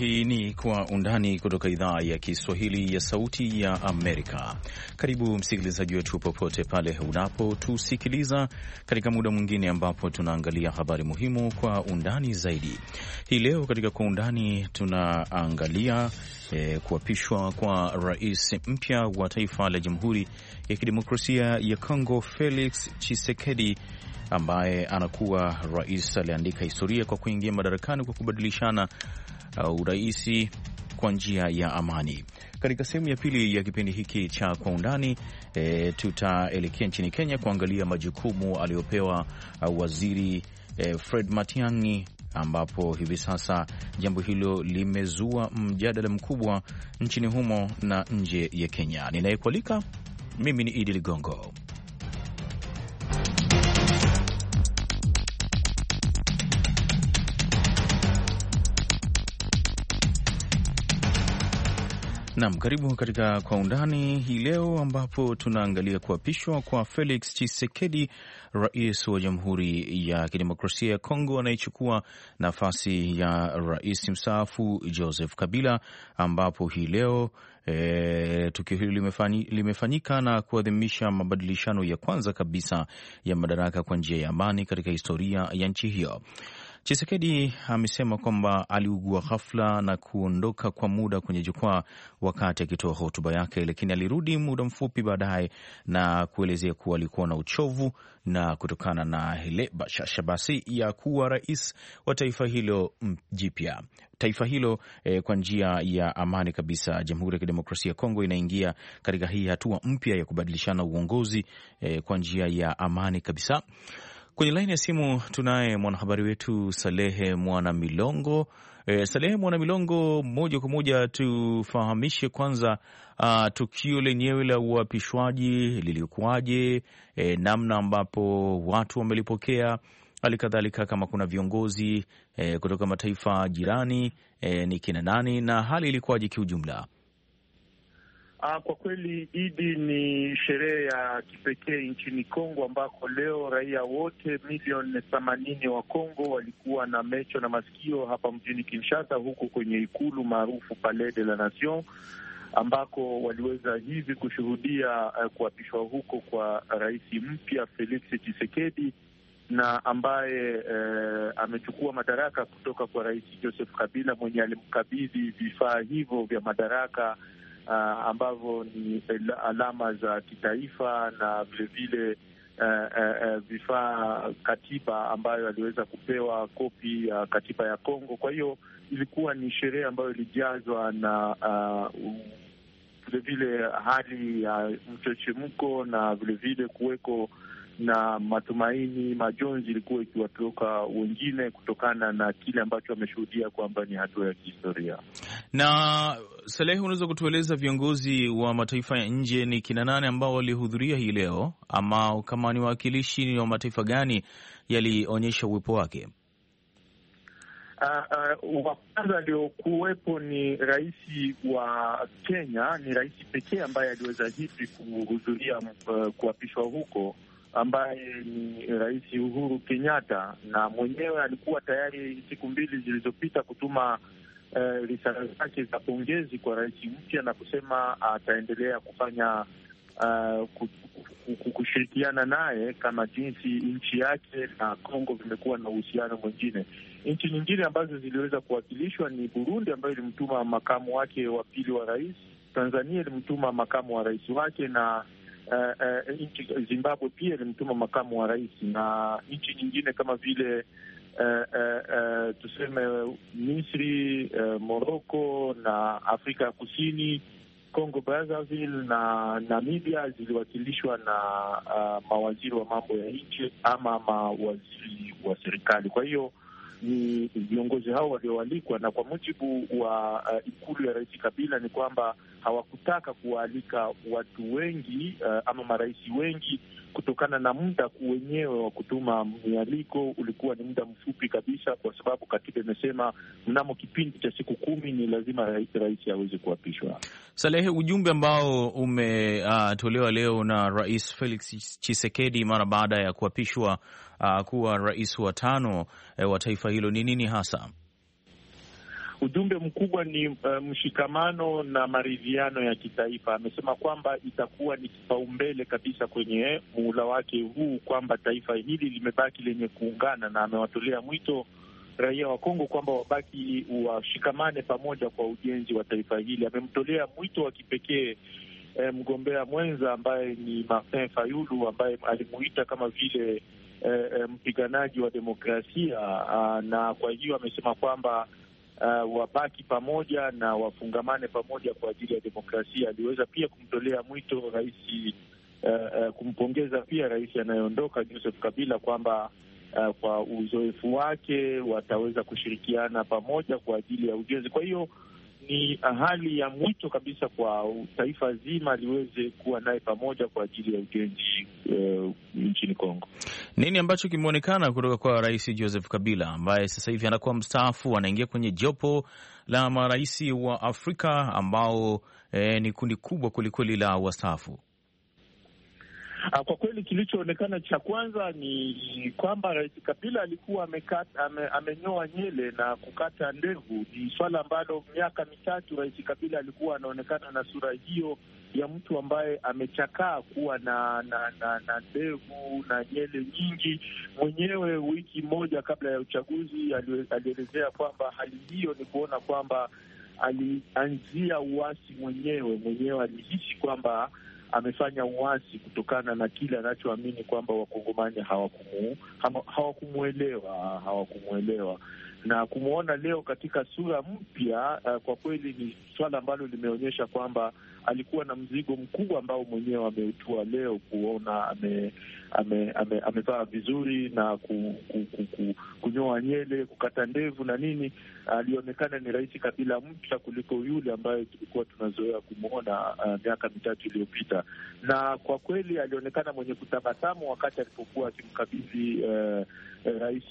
Hii ni Kwa Undani kutoka idhaa ya Kiswahili ya Sauti ya Amerika. Karibu msikilizaji wetu popote pale unapotusikiliza katika muda mwingine ambapo tunaangalia habari muhimu kwa undani zaidi. Hii leo katika Kwa Undani tunaangalia eh, kuapishwa kwa rais mpya wa taifa la Jamhuri ya Kidemokrasia ya Kongo, Felix Tshisekedi ambaye anakuwa rais aliandika historia kwa kuingia madarakani kwa kubadilishana uh, uraisi kwa njia ya amani. Katika sehemu ya pili ya kipindi hiki cha kwa undani e, tutaelekea nchini Kenya kuangalia majukumu aliyopewa uh, waziri e, Fred Matiang'i ambapo hivi sasa jambo hilo limezua mjadala mkubwa nchini humo na nje ya Kenya. Ninayekualika mimi ni Idi Ligongo. Nam, karibu katika Kwa Undani hii leo, ambapo tunaangalia kuapishwa kwa Felix Tshisekedi, rais wa Jamhuri ya Kidemokrasia ya Kongo anayechukua nafasi ya rais mstaafu Joseph Kabila, ambapo hii leo E, tukio hili limefanyika na kuadhimisha mabadilishano ya kwanza kabisa ya madaraka kwa njia ya amani katika historia ya nchi hiyo. Chisekedi amesema kwamba aliugua ghafla na kuondoka kwa muda kwenye jukwaa wakati akitoa hotuba yake, lakini alirudi muda mfupi baadaye na kuelezea kuwa alikuwa na uchovu na kutokana na ile bashasha basi ya kuwa rais wa taifa hilo jipya taifa hilo eh, kwa njia ya amani kabisa. Jamhuri ya Kidemokrasia ya Kongo inaingia katika hii hatua mpya ya kubadilishana uongozi eh, kwa njia ya amani kabisa. Kwenye laini ya simu tunaye mwanahabari wetu Salehe Mwana Milongo. E, Salehe Mwana Milongo, moja kwa moja tufahamishe kwanza, a, tukio lenyewe la uapishwaji lilikuwaje? E, namna ambapo watu wamelipokea, hali kadhalika kama kuna viongozi e, kutoka mataifa jirani e, ni kina nani na hali ilikuwaje kiujumla? Uh, kwa kweli Idi ni sherehe ya kipekee nchini Kongo ambako leo raia wote milioni themanini wa Kongo walikuwa na mecho na masikio hapa mjini Kinshasa, huko kwenye ikulu maarufu Palais de la Nation ambako waliweza hivi kushuhudia uh, kuapishwa huko kwa rais mpya Felix Tshisekedi na ambaye uh, amechukua madaraka kutoka kwa rais Joseph Kabila mwenye alimkabidhi vifaa hivyo vya madaraka uh, ambavyo ni alama za kitaifa na vilevile vifaa uh, uh, uh, katiba ambayo aliweza kupewa kopi ya uh, katiba ya Kongo. Kwa hiyo ilikuwa ni sherehe ambayo ilijazwa na vilevile uh, vile hali ya uh, mchechemko na vilevile kuweko na matumaini, majonzi ilikuwa ikiwatoka wengine kutokana na kile ambacho wameshuhudia kwamba ni hatua ya kihistoria. Na Salehi, unaweza kutueleza viongozi wa mataifa ya nje ni kina nane ambao walihudhuria hii leo, ama kama ni wawakilishi ni wa mataifa gani yalionyesha uwepo wake? Uh, uh, wa kwanza aliokuwepo ni rais wa Kenya. Ni rais pekee ambaye aliweza hivi kuhudhuria uh, kuapishwa huko ambaye ni Rais Uhuru Kenyatta, na mwenyewe alikuwa tayari siku mbili zilizopita kutuma eh, risala zake za pongezi kwa rais mpya na kusema ataendelea kufanya uh, kushirikiana naye kama jinsi nchi yake na Kongo vimekuwa na uhusiano mwingine. Nchi nyingine ambazo ziliweza kuwakilishwa ni Burundi ambayo ilimtuma makamu wake wa pili wa rais, Tanzania ilimtuma makamu wa rais wake na uh, uh, nchi Zimbabwe pia ilimtuma makamu wa rais na nchi nyingine kama vile Uh, uh, uh, tuseme Misri, uh, Morocco na Afrika ya Kusini, Congo Brazzaville na Namibia ziliwakilishwa na uh, mawaziri wa mambo ya nje ama mawaziri wa serikali. Kwa hiyo ni viongozi hao walioalikwa, na kwa mujibu wa uh, ikulu ya Rais Kabila ni kwamba hawakutaka kuwaalika watu wengi uh, ama marais wengi kutokana na muda wenyewe wa kutuma mialiko ulikuwa ni muda mfupi kabisa, kwa sababu katiba imesema mnamo kipindi cha siku kumi ni lazima rais aweze kuapishwa. Salehe, ujumbe ambao umetolewa uh, leo na Rais Felix chisekedi mara baada ya kuapishwa uh, kuwa rais wa tano uh, wa taifa hilo ni nini hasa? Ujumbe mkubwa ni uh, mshikamano na maridhiano ya kitaifa. Amesema kwamba itakuwa ni kipaumbele kabisa kwenye muhula wake huu kwamba taifa hili limebaki lenye kuungana, na amewatolea mwito raia wa Kongo kwamba wabaki washikamane pamoja kwa ujenzi wa taifa hili. Amemtolea mwito wa kipekee eh, mgombea mwenza ambaye ni Martin Fayulu ambaye alimuita kama vile eh, eh mpiganaji wa demokrasia ah, na kwa hiyo amesema kwamba uh, wabaki pamoja na wafungamane pamoja kwa ajili ya demokrasia. Aliweza pia kumtolea mwito rais uh, uh, kumpongeza pia rais anayeondoka Joseph Kabila kwamba uh, kwa uzoefu wake wataweza kushirikiana pamoja kwa ajili ya ujenzi. Kwa hiyo ni ah, hali ya mwito kabisa kwa taifa zima liweze kuwa naye pamoja kwa ajili ya ujenzi uh, nchini Kongo. Nini ambacho kimeonekana kutoka kwa Rais Joseph Kabila ambaye sasa hivi anakuwa mstaafu, anaingia kwenye jopo la marais wa Afrika ambao eh, ni kundi kubwa kwelikweli la wastaafu. Uh, kwa kweli kilichoonekana cha kwanza ni kwamba Rais Kabila alikuwa amekata, ame, amenyoa nywele na kukata ndevu. Ni swala ambalo miaka mitatu Rais Kabila alikuwa anaonekana na sura hiyo ya mtu ambaye amechakaa kuwa na na na, na ndevu na nywele nyingi. Mwenyewe wiki moja kabla ya uchaguzi alielezea kwamba hali hiyo ni kuona kwamba alianzia uasi mwenyewe mwenyewe, alihisi kwamba amefanya uwazi kutokana na kile anachoamini kwamba wakongomani hawakumwelewa hawakumwelewa na kumwona leo katika sura mpya. Uh, kwa kweli ni swala ambalo limeonyesha kwamba alikuwa na mzigo mkubwa ambao mwenyewe ameutua leo kuona ame, ame, ame, amevaa vizuri na ku, ku, ku, ku, kunyoa nyele, kukata ndevu na nini. Alionekana ni Rais Kabila mpya kuliko yule ambaye tulikuwa tunazoea kumwona uh, miaka mitatu iliyopita, na kwa kweli alionekana mwenye kutabasamu wakati alipokuwa akimkabidhi uh, Rais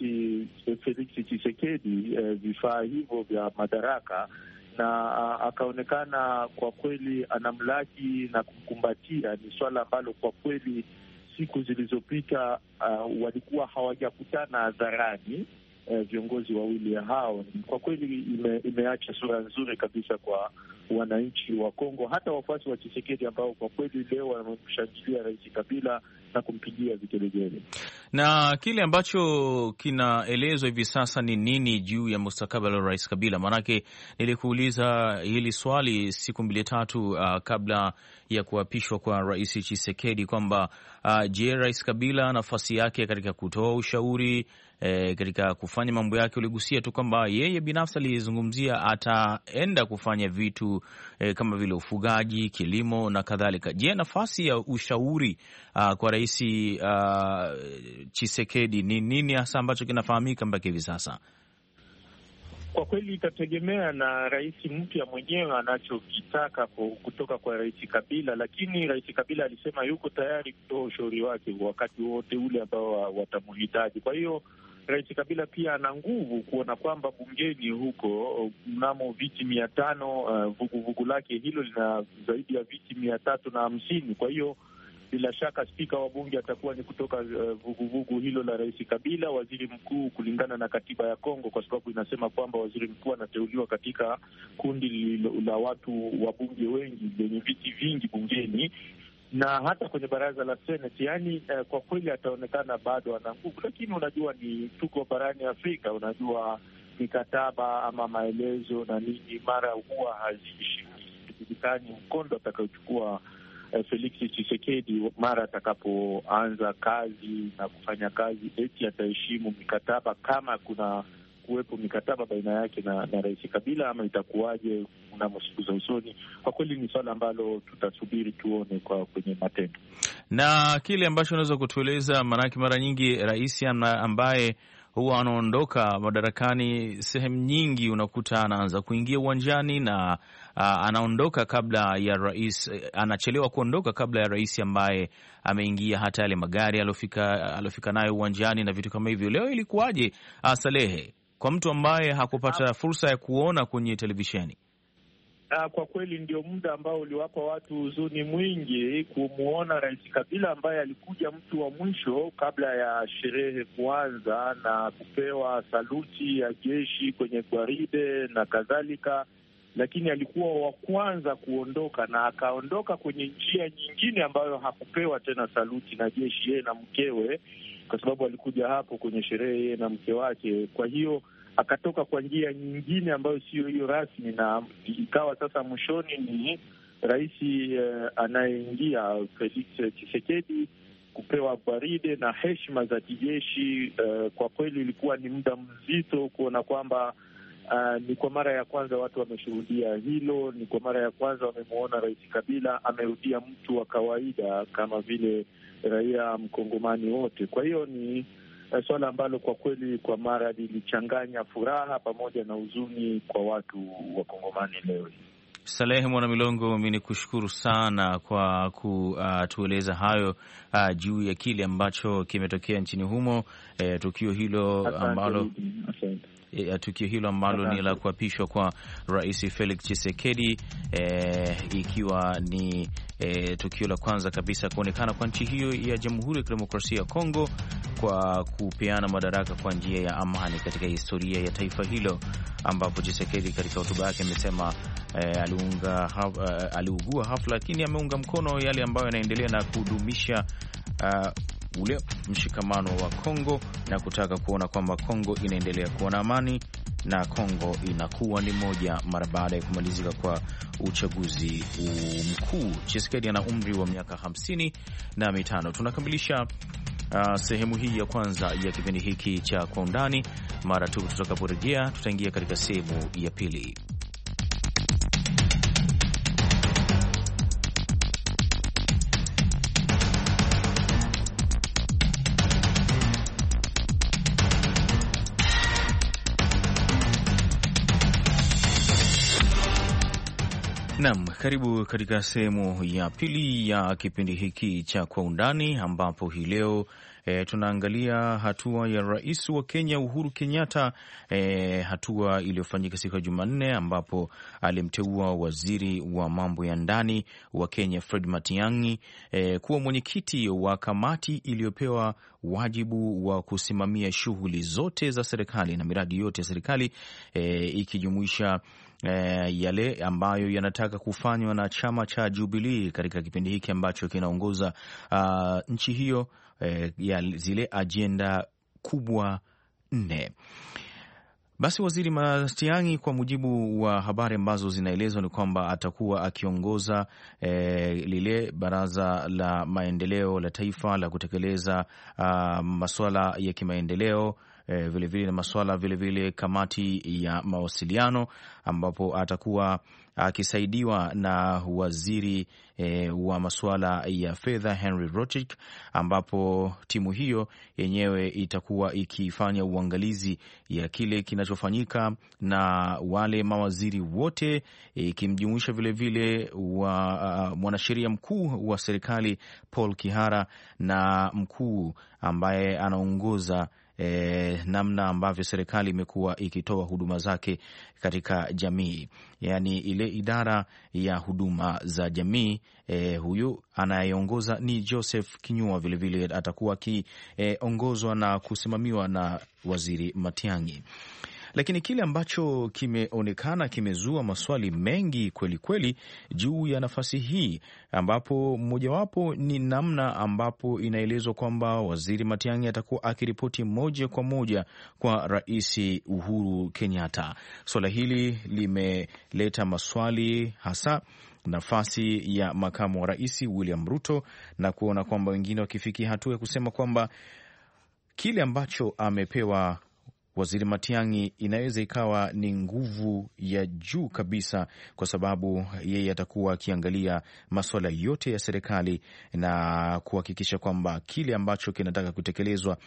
Felix Tshisekedi uh, vifaa hivyo vya madaraka na akaonekana kwa kweli anamlaki na kumkumbatia. Ni swala ambalo kwa kweli siku zilizopita uh, walikuwa hawajakutana hadharani eh, viongozi wawili hao, kwa kweli ime, imeacha sura nzuri kabisa kwa wananchi wa Kongo, hata wafuasi wa Chisekedi ambao kwa kweli leo wamemshangilia Rais Kabila na kumpigia vigelegele. Na kile ambacho kinaelezwa hivi sasa ni nini juu ya mustakabali wa Rais Kabila? Maanake nilikuuliza hili swali siku mbili tatu, uh, kabla ya kuapishwa kwa Rais Chisekedi kwamba uh, je, Rais Kabila nafasi yake katika kutoa ushauri e, katika kufanya mambo yake, uligusia tu kwamba yeye binafsi alizungumzia ataenda kufanya vitu e, kama vile ufugaji, kilimo na kadhalika. Je, nafasi ya ushauri a, kwa Rais Chisekedi ni nini hasa ambacho kinafahamika mpaka hivi sasa? Kwa kweli itategemea na rais mpya mwenyewe anachokitaka kutoka kwa rais Kabila, lakini rais Kabila alisema yuko tayari kutoa ushauri wake wakati wote ule ambao watamuhitaji. Kwa hiyo Rais Kabila pia ana nguvu kuona kwamba bungeni huko mnamo viti mia tano uh, vuguvugu lake hilo lina zaidi ya viti mia tatu na hamsini. Kwa hiyo bila shaka spika wa bunge atakuwa ni kutoka uh, vuguvugu uh, vugu hilo la Rais Kabila, waziri mkuu kulingana na katiba ya Kongo, kwa sababu inasema kwamba waziri mkuu anateuliwa katika kundi la watu wa bunge wengi lenye viti vingi bungeni, na hata kwenye baraza la Seneti, yani eh, kwa kweli ataonekana bado ana nguvu, lakini unajua ni tuko barani Afrika, unajua mikataba ama maelezo na nini mara huwa hazijulikani mkondo atakaochukua eh, Felix Chisekedi mara atakapoanza kazi na kufanya kazi, eti ataheshimu mikataba kama kuna kuwepo mikataba baina yake na, na Rais Kabila ama itakuwaje mnamo siku za usoni? Kwa kweli ni swala ambalo tutasubiri tuone kwa kwenye matendo na kile ambacho unaweza kutueleza, maanake mara nyingi rais ambaye huwa anaondoka madarakani, sehemu nyingi unakuta anaanza kuingia uwanjani na uh, anaondoka kabla ya rais, uh, anachelewa kuondoka kabla ya rais ambaye ameingia, hata yale magari aliofika alofika nayo uwanjani na vitu kama hivyo. Leo ilikuwaje, uh, Salehe? kwa mtu ambaye hakupata ah. fursa ya kuona kwenye televisheni? Ah, kwa kweli ndio muda ambao uliwapa watu huzuni mwingi kumwona Rais Kabila ambaye alikuja mtu wa mwisho kabla ya sherehe kuanza na kupewa saluti ya jeshi kwenye gwaride na kadhalika, lakini alikuwa wa kwanza kuondoka na akaondoka kwenye njia nyingine ambayo hakupewa tena saluti na jeshi, yeye na mkewe kwa sababu alikuja hapo kwenye sherehe yeye na mke wake. Kwa hiyo akatoka kwa njia nyingine ambayo siyo hiyo rasmi, na ikawa sasa mwishoni ni rais uh, anayeingia Felix chisekedi kupewa gwaride na heshima za kijeshi. Uh, kwa kweli ilikuwa ni muda mzito kuona kwamba Uh, ni kwa mara ya kwanza watu wameshuhudia hilo. Ni kwa mara ya kwanza wamemwona Rais Kabila amerudia mtu wa kawaida kama vile raia mkongomani wote. Kwa hiyo ni uh, eh, suala ambalo kwa kweli kwa mara lilichanganya furaha pamoja na huzuni kwa watu wa Kongomani leo hii. Salehe Mwana Milongo, mi ni kushukuru sana kwa kutueleza uh, hayo uh, juu ya kile ambacho kimetokea nchini humo, uh, tukio hilo ambalo asante. Eh, ya tukio hilo ambalo ni la kuapishwa kwa Rais Felix Tshisekedi, e, ikiwa ni e, tukio la kwanza kabisa kuonekana kwa nchi hiyo ya Jamhuri ya Kidemokrasia ya Kongo kwa kupeana madaraka kwa njia ya amani katika historia ya taifa hilo, ambapo Tshisekedi katika hotuba yake amesema e, aliunga haf, uh, aliugua hafla, lakini ameunga mkono yale ambayo yanaendelea na kudumisha uh, ule mshikamano wa Kongo na kutaka kuona kwamba Kongo inaendelea kuwa na amani na Kongo inakuwa ni moja mara baada ya kumalizika kwa uchaguzi mkuu. Chisekedi ana umri wa miaka hamsini na mitano. Tunakamilisha Uh, sehemu hii ya kwanza ya kipindi hiki cha Kwa Undani. Mara tu tutakaporejea, tutaingia katika sehemu ya pili. Nam, karibu katika sehemu ya pili ya kipindi hiki cha Kwa Undani, ambapo hii leo e, tunaangalia hatua ya rais wa Kenya Uhuru Kenyatta, e, hatua iliyofanyika siku ya Jumanne, ambapo alimteua waziri wa mambo ya ndani wa Kenya Fred Matiang'i, e, kuwa mwenyekiti wa kamati iliyopewa wajibu wa kusimamia shughuli zote za serikali na miradi yote ya serikali, e, ikijumuisha eh, yale ambayo yanataka kufanywa na chama cha Jubilii katika kipindi hiki ambacho kinaongoza uh, nchi hiyo eh, ya zile ajenda kubwa nne. Basi waziri Matiang'i, kwa mujibu wa habari ambazo zinaelezwa, ni kwamba atakuwa akiongoza e, lile baraza la maendeleo la taifa la kutekeleza ah, masuala ya kimaendeleo vilevile eh, vile na masuala vilevile vile kamati ya mawasiliano ambapo atakuwa akisaidiwa na waziri e, wa masuala ya fedha Henry Rotich, ambapo timu hiyo yenyewe itakuwa ikifanya uangalizi ya kile kinachofanyika na wale mawaziri wote ikimjumuisha e, vilevile wa uh, mwanasheria mkuu wa serikali Paul Kihara na mkuu ambaye anaongoza eh, namna ambavyo serikali imekuwa ikitoa huduma zake katika jamii, yaani ile idara ya huduma za jamii. Eh, huyu anayeongoza ni Joseph Kinyua, vilevile atakuwa akiongozwa eh, na kusimamiwa na Waziri Matiang'i. Lakini kile ambacho kimeonekana kimezua maswali mengi kwelikweli juu ya nafasi hii, ambapo mmojawapo ni namna ambapo inaelezwa kwamba waziri Matiang'i atakuwa akiripoti moja kwa moja kwa Rais Uhuru Kenyatta. Swala hili limeleta maswali hasa nafasi ya makamu wa rais William Ruto na kuona kwamba wengine wakifikia hatua ya kusema kwamba kile ambacho amepewa Waziri Matiang'i inaweza ikawa ni nguvu ya juu kabisa, kwa sababu yeye atakuwa akiangalia masuala yote ya serikali na kuhakikisha kwamba kile ambacho kinataka kutekelezwa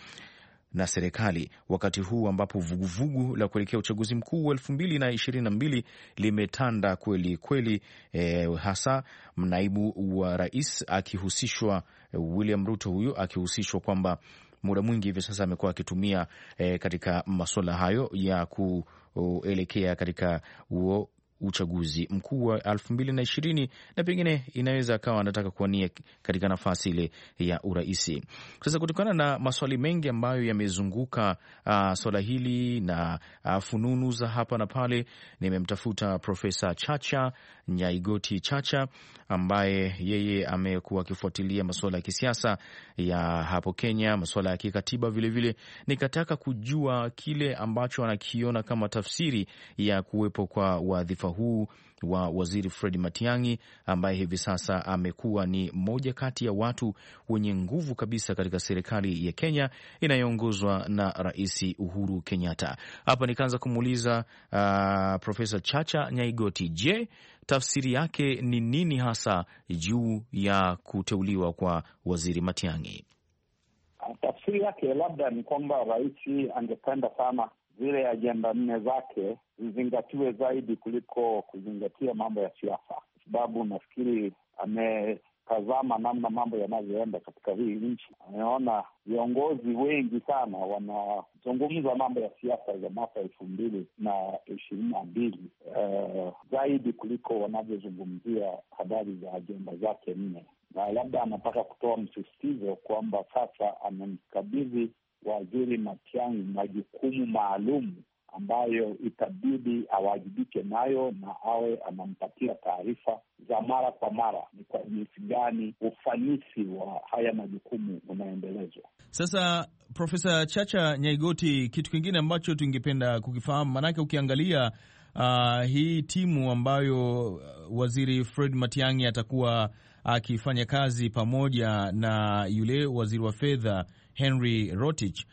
na serikali wakati huu ambapo vuguvugu la kuelekea uchaguzi mkuu wa elfu mbili na ishirini na mbili limetanda kweli kweli, eh, hasa naibu wa rais akihusishwa, eh, William Ruto huyu akihusishwa kwamba muda mwingi hivi sasa amekuwa akitumia eh, katika masuala hayo ya kuelekea katika huo uchaguzi mkuu wa elfu mbili na ishirini na pengine inaweza akawa anataka kuwania katika nafasi ile ya uraisi. Sasa kutokana na maswali mengi ambayo yamezunguka uh, swala hili na uh, fununu za hapa na pale, nimemtafuta Profesa Chacha Nyaigoti Chacha ambaye yeye amekuwa akifuatilia masuala ya kisiasa ya hapo Kenya, masuala ya kikatiba vilevile vile. Nikataka kujua kile ambacho anakiona kama tafsiri ya kuwepo kwa wadhifa huu wa waziri Fred Matiang'i ambaye hivi sasa amekuwa ni moja kati ya watu wenye nguvu kabisa katika serikali ya Kenya inayoongozwa na Rais Uhuru Kenyatta. Hapa nikaanza kumuuliza uh, Profesa Chacha Nyaigoti, je, tafsiri yake ni nini hasa juu ya kuteuliwa kwa waziri Matiang'i? Tafsiri yake labda ni kwamba rais angependa sana zile ajenda nne zake zizingatiwe zaidi kuliko kuzingatia mambo ya siasa, kwa sababu nafikiri ametazama namna mambo yanavyoenda katika hii nchi. Ameona viongozi wengi sana wanazungumza mambo ya siasa za mwaka elfu mbili na ishirini na mbili uh, zaidi kuliko wanavyozungumzia habari za ajenda zake nne na labda anataka kutoa msisitizo kwamba sasa amemkabidhi Waziri Matiang'i majukumu maalum ambayo itabidi awajibike nayo na awe anampatia taarifa za mara kwa mara, ni kwa jinsi gani ufanisi wa haya majukumu unaendelezwa. Sasa Profesa Chacha Nyaigoti, kitu kingine ambacho tungependa kukifahamu, maanake ukiangalia uh, hii timu ambayo ah, waziri Fred Matiang'i atakuwa akifanya kazi pamoja na yule waziri wa fedha Henry Rotich,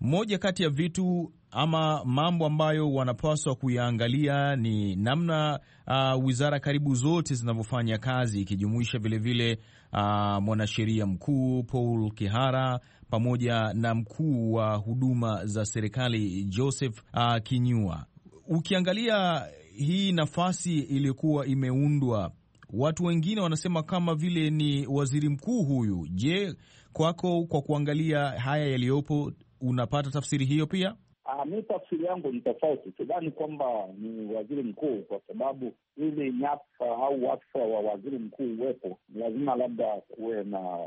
moja kati ya vitu ama mambo ambayo wanapaswa kuyaangalia ni namna uh, wizara karibu zote zinavyofanya kazi ikijumuisha vilevile uh, mwanasheria mkuu Paul Kihara pamoja na mkuu wa huduma za serikali Joseph uh, Kinyua. Ukiangalia hii nafasi iliyokuwa imeundwa Watu wengine wanasema kama vile ni waziri mkuu huyu. Je, kwako, kwa kuangalia haya yaliyopo, unapata tafsiri hiyo pia? Ah, mi tafsiri yangu ni tofauti. Sidhani kwamba ni waziri mkuu, kwa sababu ili nyafa au wadhifa wa waziri mkuu uwepo, ni lazima labda kuwe na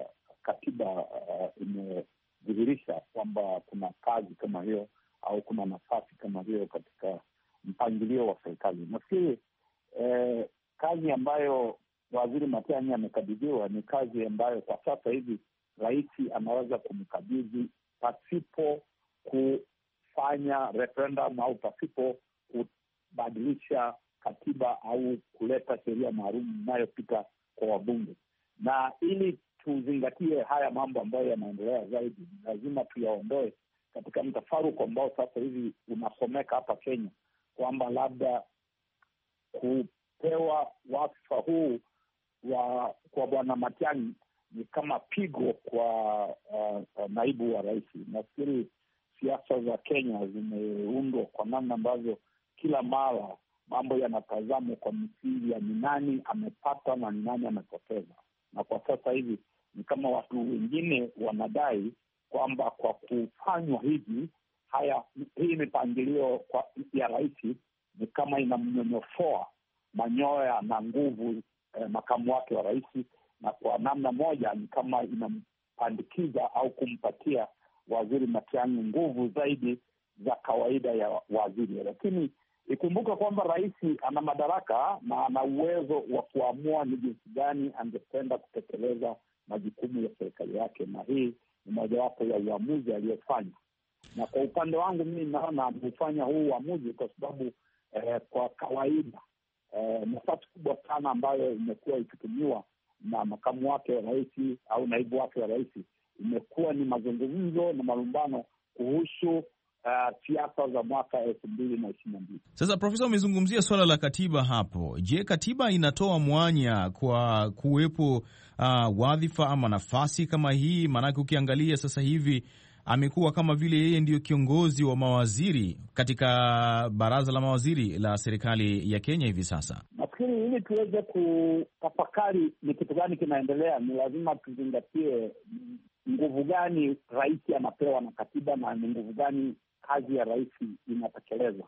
katiba uh, imedhihirisha kwamba kuna kazi kama hiyo au kuna nafasi kama hiyo katika mpangilio wa serikali. Nafikiri eh, kazi ambayo waziri Matiang'i amekabidhiwa ni kazi ambayo kwa sasa hivi rais anaweza kumkabidhi pasipo kufanya referendum au pasipo kubadilisha katiba au kuleta sheria maalum inayopita kwa wabunge. Na ili tuzingatie haya mambo ambayo yanaendelea zaidi, ni lazima tuyaondoe katika mtafaruku ambao sasa hivi unasomeka hapa Kenya kwamba labda ku kupewa wadhifa huu wa kwa bwana Matiang'i ni kama pigo kwa uh, uh, naibu wa rais. Nafikiri siasa za Kenya zimeundwa kwa namna ambavyo kila mara mambo yanatazamwa kwa misingi ya ni nani amepata na ni nani amepoteza, na kwa sasa hivi ni kama watu wengine wanadai kwamba kwa kufanywa hivi haya, hii mipangilio ya rais ni kama inamnyonyofoa Manyoya na nguvu eh, makamu wake wa rais, na kwa namna moja ni kama inampandikiza au kumpatia waziri Matiang'i nguvu zaidi za kawaida ya waziri, lakini ikumbuka kwamba rais ana madaraka na ana uwezo wa kuamua ni jinsi gani angependa kutekeleza majukumu ya serikali yake, na hii ni mojawapo ya uamuzi aliyofanya. Na kwa upande wangu mimi naona ameufanya huu uamuzi kwa sababu eh, kwa kawaida eh, nafasi kubwa sana ambayo imekuwa ikitumiwa na makamu wake wa rais au naibu wake wa rais imekuwa ni mazungumzo na malumbano kuhusu eh, siasa uh, za mwaka elfu mbili na ishirini na mbili. Sasa Profesa, umezungumzia suala la katiba hapo. Je, katiba inatoa mwanya kwa kuwepo uh, wadhifa ama nafasi kama hii? Maanake ukiangalia sasa hivi amekuwa kama vile yeye ndiyo kiongozi wa mawaziri katika baraza la mawaziri la serikali ya Kenya hivi sasa. Nafikiri ili tuweze kutafakari ni kitu gani kinaendelea, ni lazima tuzingatie nguvu gani rais anapewa na katiba na ni nguvu gani kazi ya rais inatekelezwa.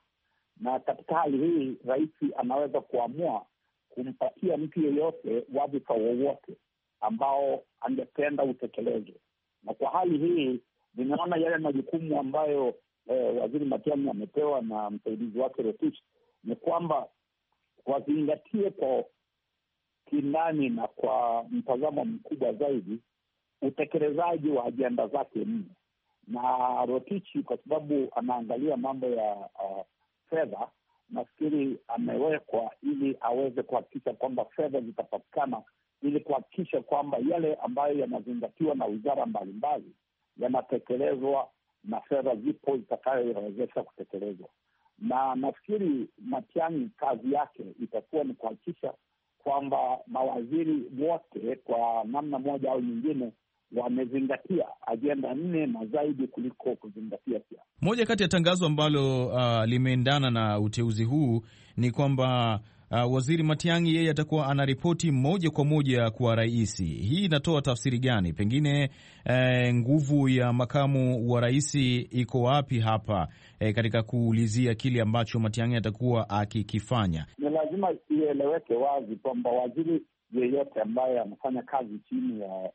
Na katika hali hii rais anaweza kuamua kumpatia mtu yeyote wadhifa wowote ambao angependa utekelezwe, na kwa hali hii ninaona yale majukumu ambayo eh, waziri matiani amepewa na msaidizi wake Rotich ni kwamba wazingatie kwa kindani na kwa mtazamo mkubwa zaidi utekelezaji wa ajenda zake nne, na Rotichi kwa sababu anaangalia mambo ya uh, fedha, nafikiri amewekwa ili aweze kuhakikisha kwamba fedha zitapatikana ili kuhakikisha kwamba yale ambayo yanazingatiwa na wizara mbalimbali yanatekelezwa na fedha zipo zitakayowezesha kutekelezwa, na nafikiri Matiang'i kazi yake itakuwa ni kuhakikisha kwamba mawaziri wote kwa namna moja au nyingine wamezingatia ajenda nne na zaidi kuliko kuzingatia siasa. Moja kati ya tangazo ambalo uh, limeendana na uteuzi huu ni kwamba Uh, Waziri Matiang'i yeye atakuwa anaripoti moja kwa moja kwa rais. Hii inatoa tafsiri gani? Pengine eh, nguvu ya makamu wa rais iko wapi hapa eh, katika kuulizia kile ambacho Matiang'i atakuwa akikifanya? Ni lazima ieleweke wazi kwamba waziri yeyote ambaye amefanya kazi chini ya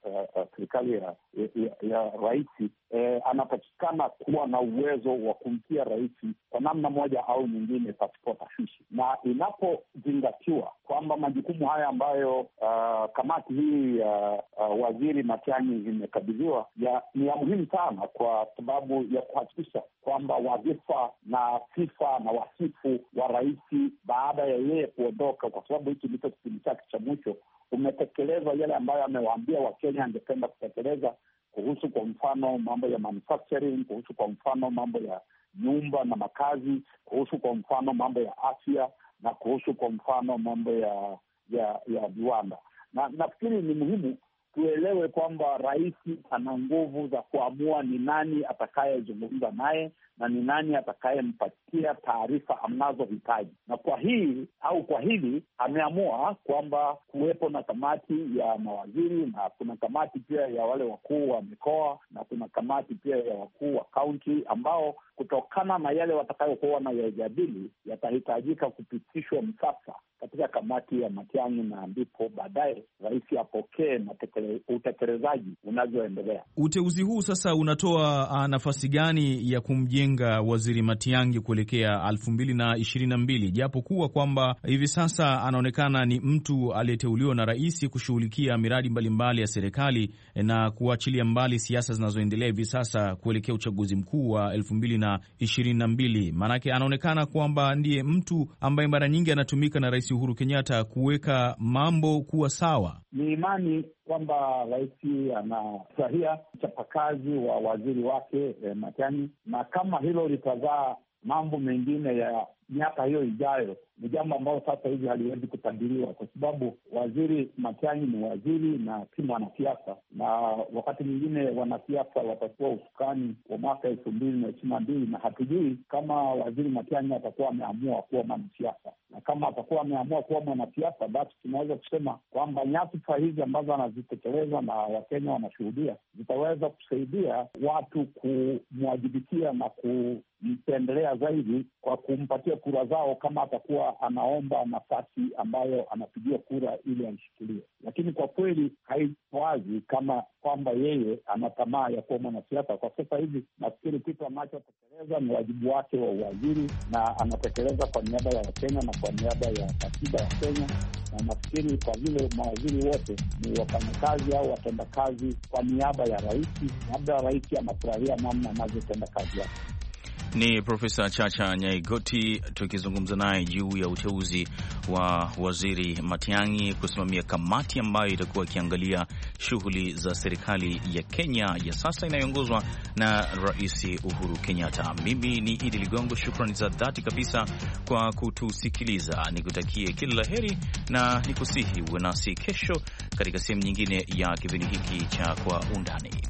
serikali ya, ya, ya, ya rais e, anapatikana kuwa na uwezo wa kumtia rais kwa namna moja au nyingine pasipoti ashishi, na inapozingatiwa kwamba majukumu haya ambayo uh, kamati hii ya uh, uh, waziri Matiang'i imekabidhiwa ni ya muhimu sana, kwa sababu ya kuhakikisha kwamba wadhifa na sifa na wasifu wa rais baada ya yeye kuondoka, kwa sababu hiki ndicho kipindi chake cha mwisho umetekeleza yale ambayo amewaambia Wakenya angependa kutekeleza kuhusu kwa mfano mambo ya manufacturing, kuhusu kwa mfano mambo ya nyumba na makazi, kuhusu kwa mfano mambo ya afya na kuhusu kwa mfano mambo ya ya ya viwanda. Na nafikiri ni muhimu tuelewe kwamba rais ana nguvu za kuamua ni nani atakayezungumza naye na ni nani atakayempatia taarifa anazohitaji Na kwa hii au kwa hili ameamua kwamba kuwepo na kamati ya mawaziri na kuna kamati pia ya wale wakuu wa mikoa na kuna kamati pia ya wakuu wa kaunti ambao kutokana na yale watakayokuwa wanayajadili yatahitajika kupitishwa msasa katika kamati ya Matiang'i, na ndipo baadaye rais apokee utekelezaji unavyoendelea. Uteuzi huu sasa unatoa ah, nafasi gani ya kumjenga kumlenga Waziri Matiang'i kuelekea elfu na japo kuwa kwamba hivi sasa anaonekana ni mtu aliyeteuliwa na rais kushughulikia miradi mbalimbali mbali ya serikali eh, na kuachilia mbali siasa zinazoendelea hivi sasa kuelekea uchaguzi mkuu wa elfu mbili mbili. Maanake anaonekana kwamba ndiye mtu ambaye mara nyingi anatumika na Rais Uhuru Kenyatta kuweka mambo kuwa sawa. Ni imani kwamba rais anafurahia mchapakazi wa waziri wake eh, Matiang'i, na kama hilo litazaa mambo mengine ya miaka hiyo ijayo ni jambo ambalo sasa hivi haliwezi kutabiriwa, kwa sababu waziri Matiang'i ni waziri na si mwanasiasa, na wakati mwingine wanasiasa watakuwa usukani wa mwaka elfu mbili na ishirini na mbili na hatujui kama waziri Matiang'i atakuwa ameamua kuwa mwanasiasa, na kama atakuwa ameamua kuwa mwanasiasa, basi tunaweza kusema kwamba nyasifa hizi ambazo anazitekeleza na Wakenya wanashuhudia zitaweza kusaidia watu kumwajibikia na kumpendelea zaidi kwa kumpatia kura zao kama atakuwa anaomba nafasi ambayo anapigia kura ili aishikilie, lakini kwa kweli haiwazi kama kwamba yeye ana tamaa ya kuwa mwanasiasa kwa sasa hivi. Nafikiri kitu ambacho ni wajibu wake wa uwaziri, na anatekeleza kwa niaba ya Wakenya na kwa niaba ya katiba ya Kenya, na nafikiri kwa vile mawaziri wote ni wafanyakazi au watendakazi kwa niaba ya rais, labda rais anafurahia namna anavyotenda kazi yake. Ni Profesa Chacha Nyaigoti tukizungumza naye juu ya uteuzi wa Waziri Matiang'i kusimamia kamati ambayo itakuwa ikiangalia shughuli za serikali ya Kenya ya sasa inayoongozwa na Rais Uhuru Kenyatta. Mimi ni Idi Ligongo, shukrani za dhati kabisa kwa kutusikiliza. Nikutakie kila la heri na nikusihi uwe nasi kesho katika sehemu nyingine ya kipindi hiki cha Kwa Undani.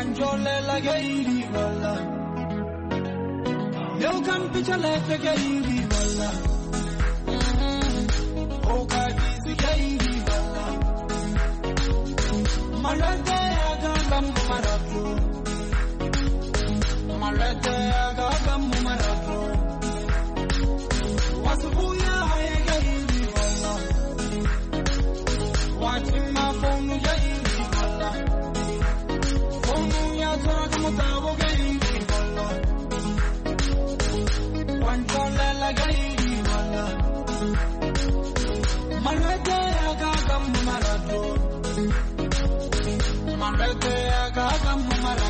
panjole la gairi wala Yo kan pichale te gairi wala O ka di wala Malade agan bam marabu Malade Mara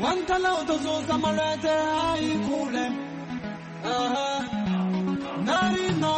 Wan talau to zo samalete ai kule. Aha. Nari no